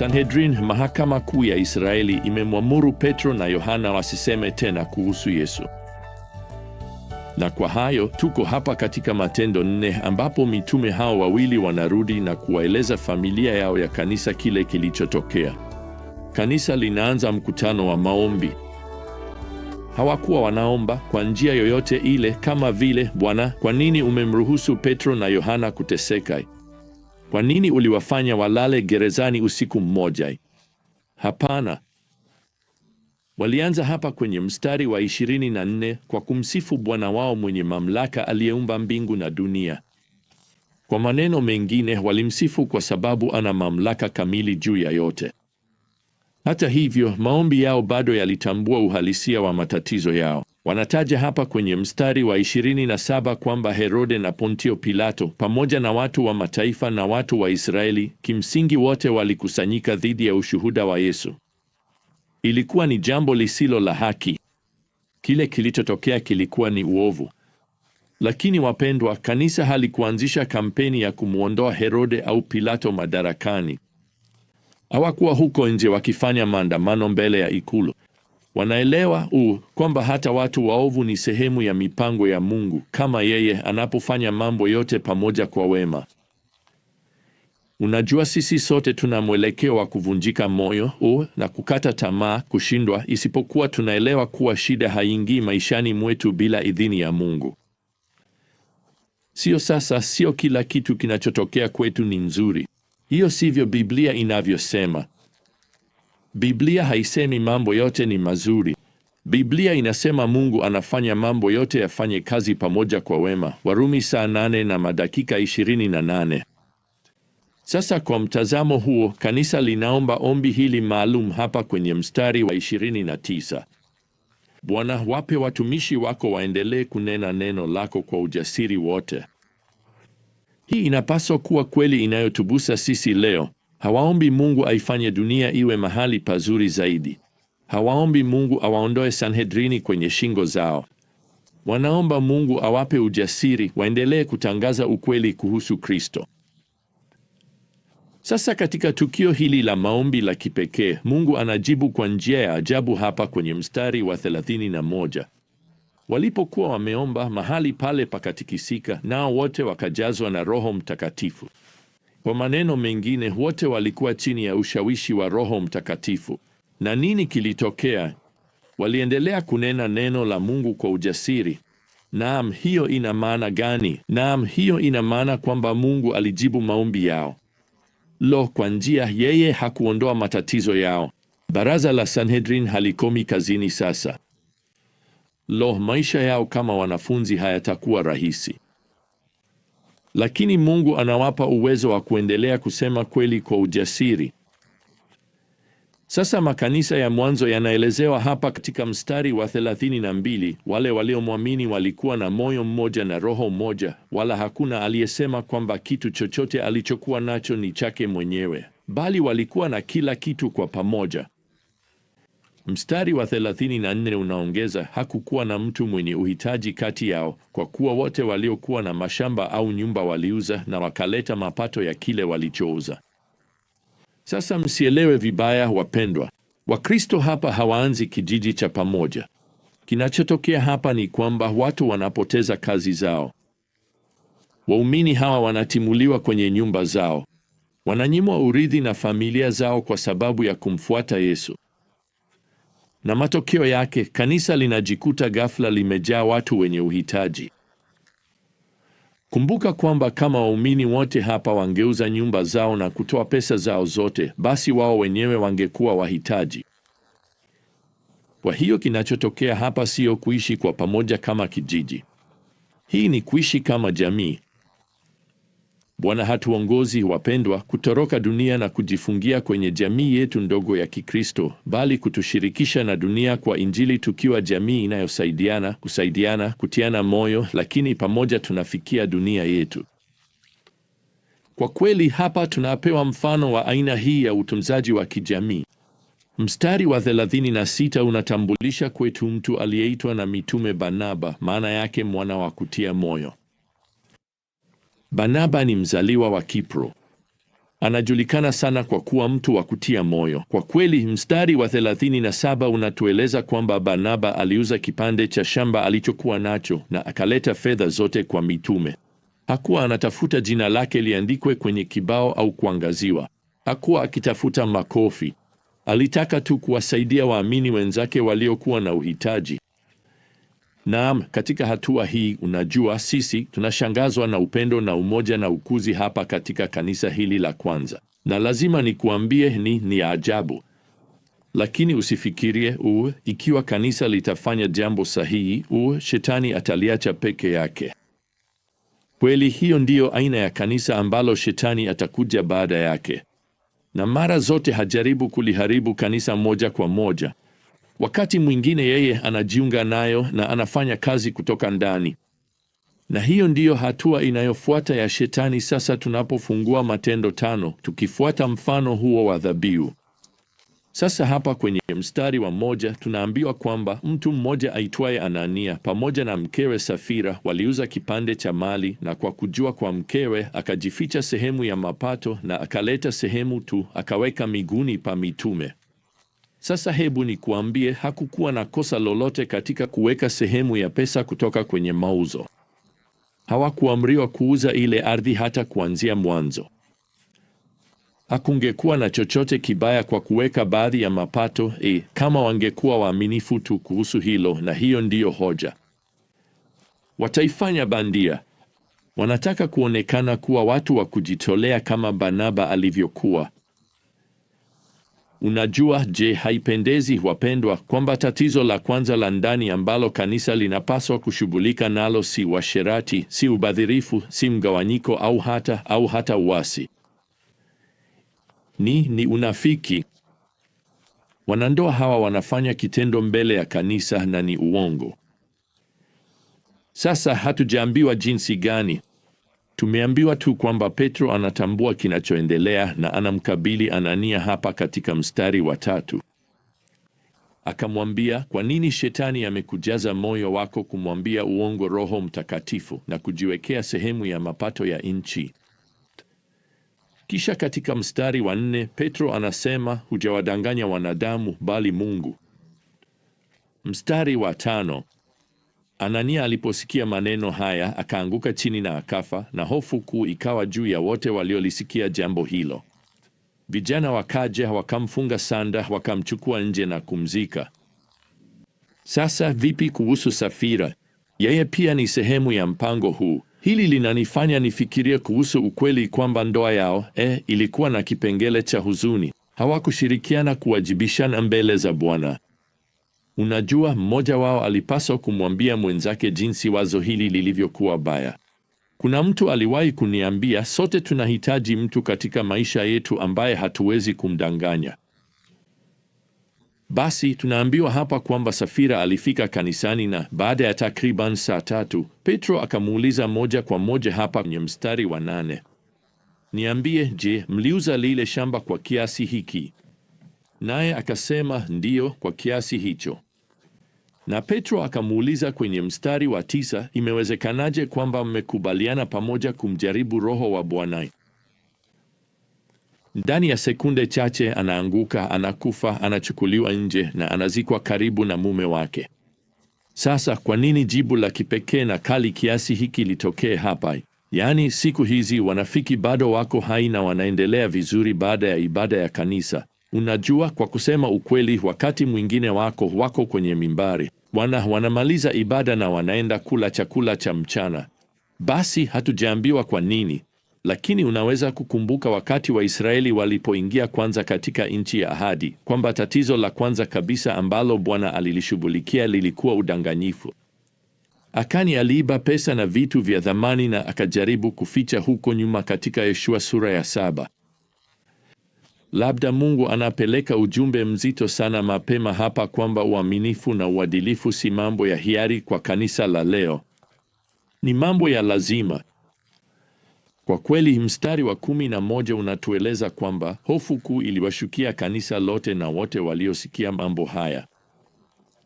Sanhedrin, mahakama kuu ya Israeli, imemwamuru Petro na Yohana wasiseme tena kuhusu Yesu. Na kwa hayo tuko hapa katika Matendo nne ambapo mitume hao wawili wanarudi na kuwaeleza familia yao ya kanisa kile kilichotokea. Kanisa linaanza mkutano wa maombi. Hawakuwa wanaomba kwa njia yoyote ile, kama vile Bwana, kwa nini umemruhusu Petro na Yohana kuteseka? Kwa nini uliwafanya walale gerezani usiku mmoja? Hapana. Walianza hapa kwenye mstari wa 24 kwa kumsifu Bwana wao mwenye mamlaka aliyeumba mbingu na dunia. Kwa maneno mengine, walimsifu kwa sababu ana mamlaka kamili juu ya yote. Hata hivyo, maombi yao bado yalitambua uhalisia wa matatizo yao. Wanataja hapa kwenye mstari wa 27 kwamba Herode na Pontio Pilato pamoja na watu wa mataifa na watu wa Israeli kimsingi wote walikusanyika dhidi ya ushuhuda wa Yesu. Ilikuwa ni jambo lisilo la haki. Kile kilichotokea kilikuwa ni uovu. Lakini wapendwa, kanisa halikuanzisha kampeni ya kumwondoa Herode au Pilato madarakani. Hawakuwa huko nje wakifanya maandamano mbele ya ikulu. Wanaelewa u kwamba hata watu waovu ni sehemu ya mipango ya Mungu kama yeye anapofanya mambo yote pamoja kwa wema. Unajua, sisi sote tuna mwelekeo wa kuvunjika moyo u na kukata tamaa, kushindwa, isipokuwa tunaelewa kuwa shida haingii maishani mwetu bila idhini ya Mungu. Sio sasa, sio kila kitu kinachotokea kwetu ni nzuri. Hiyo sivyo Biblia inavyosema. Biblia haisemi mambo yote ni mazuri. Biblia inasema Mungu anafanya mambo yote yafanye kazi pamoja kwa wema, Warumi saa nane na madakika ishirini na nane. Sasa kwa mtazamo huo, kanisa linaomba ombi hili maalum hapa kwenye mstari wa 29: Bwana, wape watumishi wako waendelee kunena neno lako kwa ujasiri wote. Hii inapaswa kuwa kweli inayotugusa sisi leo. Hawaombi Mungu aifanye dunia iwe mahali pazuri zaidi. Hawaombi Mungu awaondoe Sanhedrini kwenye shingo zao. Wanaomba Mungu awape ujasiri waendelee kutangaza ukweli kuhusu Kristo. Sasa katika tukio hili la maombi la kipekee, Mungu anajibu kwa njia ya ajabu hapa kwenye mstari wa 31. Walipokuwa wameomba, mahali pale pakatikisika, nao wote wakajazwa na Roho Mtakatifu. Kwa maneno mengine, wote walikuwa chini ya ushawishi wa Roho Mtakatifu. Na nini kilitokea? Waliendelea kunena neno la Mungu kwa ujasiri. Naam, hiyo ina maana gani? Naam, hiyo ina maana kwamba Mungu alijibu maombi yao. Lo, kwa njia yeye hakuondoa matatizo yao. Baraza la Sanhedrin halikomi kazini sasa. Lo, maisha yao kama wanafunzi hayatakuwa rahisi lakini Mungu anawapa uwezo wa kuendelea kusema kweli kwa ujasiri. Sasa makanisa ya mwanzo yanaelezewa hapa katika mstari wa 32: wale waliomwamini walikuwa na moyo mmoja na roho mmoja, wala hakuna aliyesema kwamba kitu chochote alichokuwa nacho ni chake mwenyewe, bali walikuwa na kila kitu kwa pamoja. Mstari wa 34 unaongeza, hakukuwa na mtu mwenye uhitaji kati yao, kwa kuwa wote waliokuwa na mashamba au nyumba waliuza na wakaleta mapato ya kile walichouza. Sasa msielewe vibaya, wapendwa. Wakristo hapa hawaanzi kijiji cha pamoja. Kinachotokea hapa ni kwamba watu wanapoteza kazi zao. Waumini hawa wanatimuliwa kwenye nyumba zao, wananyimwa urithi na familia zao kwa sababu ya kumfuata Yesu na matokeo yake kanisa linajikuta ghafla limejaa watu wenye uhitaji. Kumbuka kwamba kama waumini wote hapa wangeuza nyumba zao na kutoa pesa zao zote, basi wao wenyewe wangekuwa wahitaji. Kwa hiyo kinachotokea hapa siyo kuishi kwa pamoja kama kijiji. Hii ni kuishi kama jamii. Bwana hatuongozi wapendwa, kutoroka dunia na kujifungia kwenye jamii yetu ndogo ya Kikristo, bali kutushirikisha na dunia kwa Injili, tukiwa jamii inayosaidiana, kusaidiana, kutiana moyo, lakini pamoja tunafikia dunia yetu. Kwa kweli, hapa tunapewa mfano wa aina hii ya utunzaji wa kijamii. Mstari wa 36 unatambulisha kwetu mtu aliyeitwa na mitume Barnaba, maana yake mwana wa kutia moyo. Barnaba ni mzaliwa wa Kipro. Anajulikana sana kwa kuwa mtu wa kutia moyo. Kwa kweli, mstari wa 37 unatueleza kwamba Barnaba aliuza kipande cha shamba alichokuwa nacho na akaleta fedha zote kwa mitume. Hakuwa anatafuta jina lake liandikwe kwenye kibao au kuangaziwa. Hakuwa akitafuta makofi. Alitaka tu kuwasaidia waamini wenzake waliokuwa na uhitaji. Naam, katika hatua hii, unajua, sisi tunashangazwa na upendo na umoja na ukuzi hapa katika kanisa hili la kwanza, na lazima nikuambie ni ni ya ajabu. Lakini usifikirie u ikiwa kanisa litafanya jambo sahihi, u shetani ataliacha peke yake. Kweli, hiyo ndiyo aina ya kanisa ambalo shetani atakuja baada yake, na mara zote hajaribu kuliharibu kanisa moja kwa moja wakati mwingine yeye anajiunga nayo na anafanya kazi kutoka ndani. Na hiyo ndiyo hatua inayofuata ya Shetani. Sasa tunapofungua Matendo tano tukifuata mfano huo wa dhabihu. Sasa hapa kwenye mstari wa moja tunaambiwa kwamba mtu mmoja aitwaye Anania pamoja na mkewe Safira waliuza kipande cha mali, na kwa kujua kwa mkewe akajificha sehemu ya mapato, na akaleta sehemu tu akaweka miguuni pa mitume. Sasa hebu nikuambie, hakukuwa na kosa lolote katika kuweka sehemu ya pesa kutoka kwenye mauzo. Hawakuamriwa kuuza ile ardhi hata kuanzia mwanzo. Hakungekuwa na chochote kibaya kwa kuweka baadhi ya mapato e, kama wangekuwa waaminifu tu kuhusu hilo. Na hiyo ndiyo hoja wataifanya bandia. Wanataka kuonekana kuwa watu wa kujitolea kama Barnaba alivyokuwa. Unajua, je, haipendezi wapendwa, kwamba tatizo la kwanza la ndani ambalo kanisa linapaswa kushughulika nalo si washerati si ubadhirifu, si mgawanyiko au hata au hata uasi, ni ni unafiki. Wanandoa hawa wanafanya kitendo mbele ya kanisa na ni uongo. Sasa hatujaambiwa jinsi gani Tumeambiwa tu kwamba Petro anatambua kinachoendelea na anamkabili Anania hapa katika mstari wa tatu. Akamwambia, kwa nini shetani amekujaza moyo wako kumwambia uongo Roho Mtakatifu na kujiwekea sehemu ya mapato ya nchi? Kisha katika mstari wa nne Petro anasema, hujawadanganya wanadamu bali Mungu. Mstari wa tano Anania aliposikia maneno haya akaanguka chini na akafa, na hofu kuu ikawa juu ya wote waliolisikia jambo hilo. Vijana wakaja wakamfunga sanda, wakamchukua nje na kumzika. Sasa vipi kuhusu Safira? Yeye pia ni sehemu ya mpango huu. Hili linanifanya nifikirie kuhusu ukweli kwamba ndoa yao eh, ilikuwa na kipengele cha huzuni. Hawakushirikiana kuwajibishana mbele za Bwana. Unajua, mmoja wao alipaswa kumwambia mwenzake jinsi wazo hili lilivyokuwa baya. Kuna mtu aliwahi kuniambia, sote tunahitaji mtu katika maisha yetu ambaye hatuwezi kumdanganya. Basi tunaambiwa hapa kwamba Safira alifika kanisani na baada ya takriban saa tatu Petro akamuuliza moja kwa moja hapa kwenye mstari wa nane, niambie, je, mliuza lile shamba kwa kiasi hiki? Naye akasema ndiyo, kwa kiasi hicho. Na Petro akamuuliza kwenye mstari wa tisa, imewezekanaje kwamba mmekubaliana pamoja kumjaribu Roho wa Bwana? Ndani ya sekunde chache anaanguka, anakufa, anachukuliwa nje na anazikwa karibu na mume wake. Sasa kwa nini jibu la kipekee na kali kiasi hiki litokee hapa? Yaani, siku hizi wanafiki bado wako hai na wanaendelea vizuri baada ya ibada ya kanisa. Unajua, kwa kusema ukweli, wakati mwingine wako wako kwenye mimbari wana, wanamaliza ibada na wanaenda kula chakula cha mchana. Basi hatujaambiwa kwa nini, lakini unaweza kukumbuka wakati Waisraeli walipoingia kwanza katika nchi ya ahadi kwamba tatizo la kwanza kabisa ambalo Bwana alilishughulikia lilikuwa udanganyifu. Akani aliiba pesa na vitu vya thamani na akajaribu kuficha huko nyuma katika yeshua sura ya saba. Labda Mungu anapeleka ujumbe mzito sana mapema hapa kwamba uaminifu na uadilifu si mambo ya hiari kwa kanisa la leo, ni mambo ya lazima. Kwa kweli, mstari wa kumi na moja unatueleza kwamba hofu kuu iliwashukia kanisa lote na wote waliosikia mambo haya.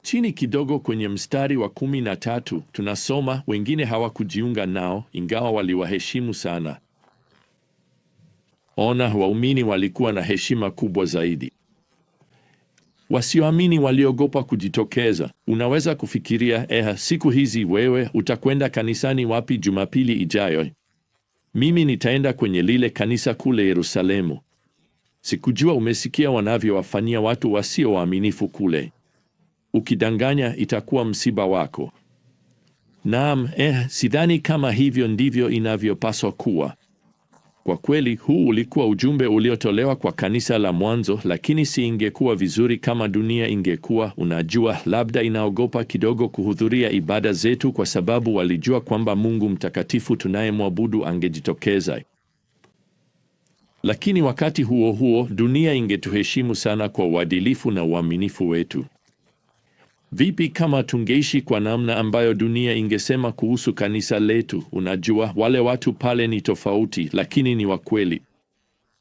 Chini kidogo kwenye mstari wa kumi na tatu tunasoma, wengine hawakujiunga nao ingawa waliwaheshimu sana. Ona, waumini walikuwa na heshima kubwa zaidi. Wasioamini waliogopa kujitokeza. Unaweza kufikiria, eha, siku hizi wewe utakwenda kanisani wapi Jumapili ijayo? Mimi nitaenda kwenye lile kanisa kule Yerusalemu. Sikujua umesikia wanavyowafanyia watu wasio waaminifu kule. Ukidanganya itakuwa msiba wako. Naam, eh, sidhani kama hivyo ndivyo inavyopaswa kuwa. Kwa kweli huu ulikuwa ujumbe uliotolewa kwa kanisa la mwanzo, lakini si ingekuwa vizuri kama dunia ingekuwa, unajua, labda inaogopa kidogo kuhudhuria ibada zetu kwa sababu walijua kwamba Mungu mtakatifu tunayemwabudu angejitokeza. Lakini wakati huo huo dunia ingetuheshimu sana kwa uadilifu na uaminifu wetu. Vipi kama tungeishi kwa namna ambayo dunia ingesema kuhusu kanisa letu, unajua, wale watu pale ni tofauti, lakini ni wa kweli.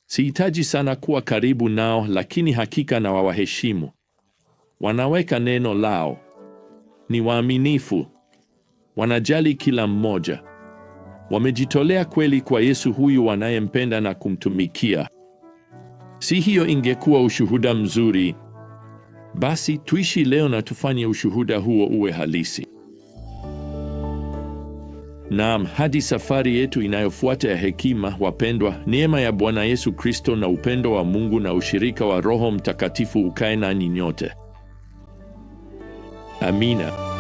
Sihitaji sana kuwa karibu nao, lakini hakika na wawaheshimu. Wanaweka neno lao, ni waaminifu, wanajali kila mmoja, wamejitolea kweli kwa Yesu huyu wanayempenda na kumtumikia. Si hiyo ingekuwa ushuhuda mzuri? Basi tuishi leo na tufanye ushuhuda huo uwe halisi. Naam, hadi safari yetu inayofuata ya hekima, wapendwa, neema ya Bwana Yesu Kristo na upendo wa Mungu na ushirika wa Roho Mtakatifu ukae nanyi nyote. Amina.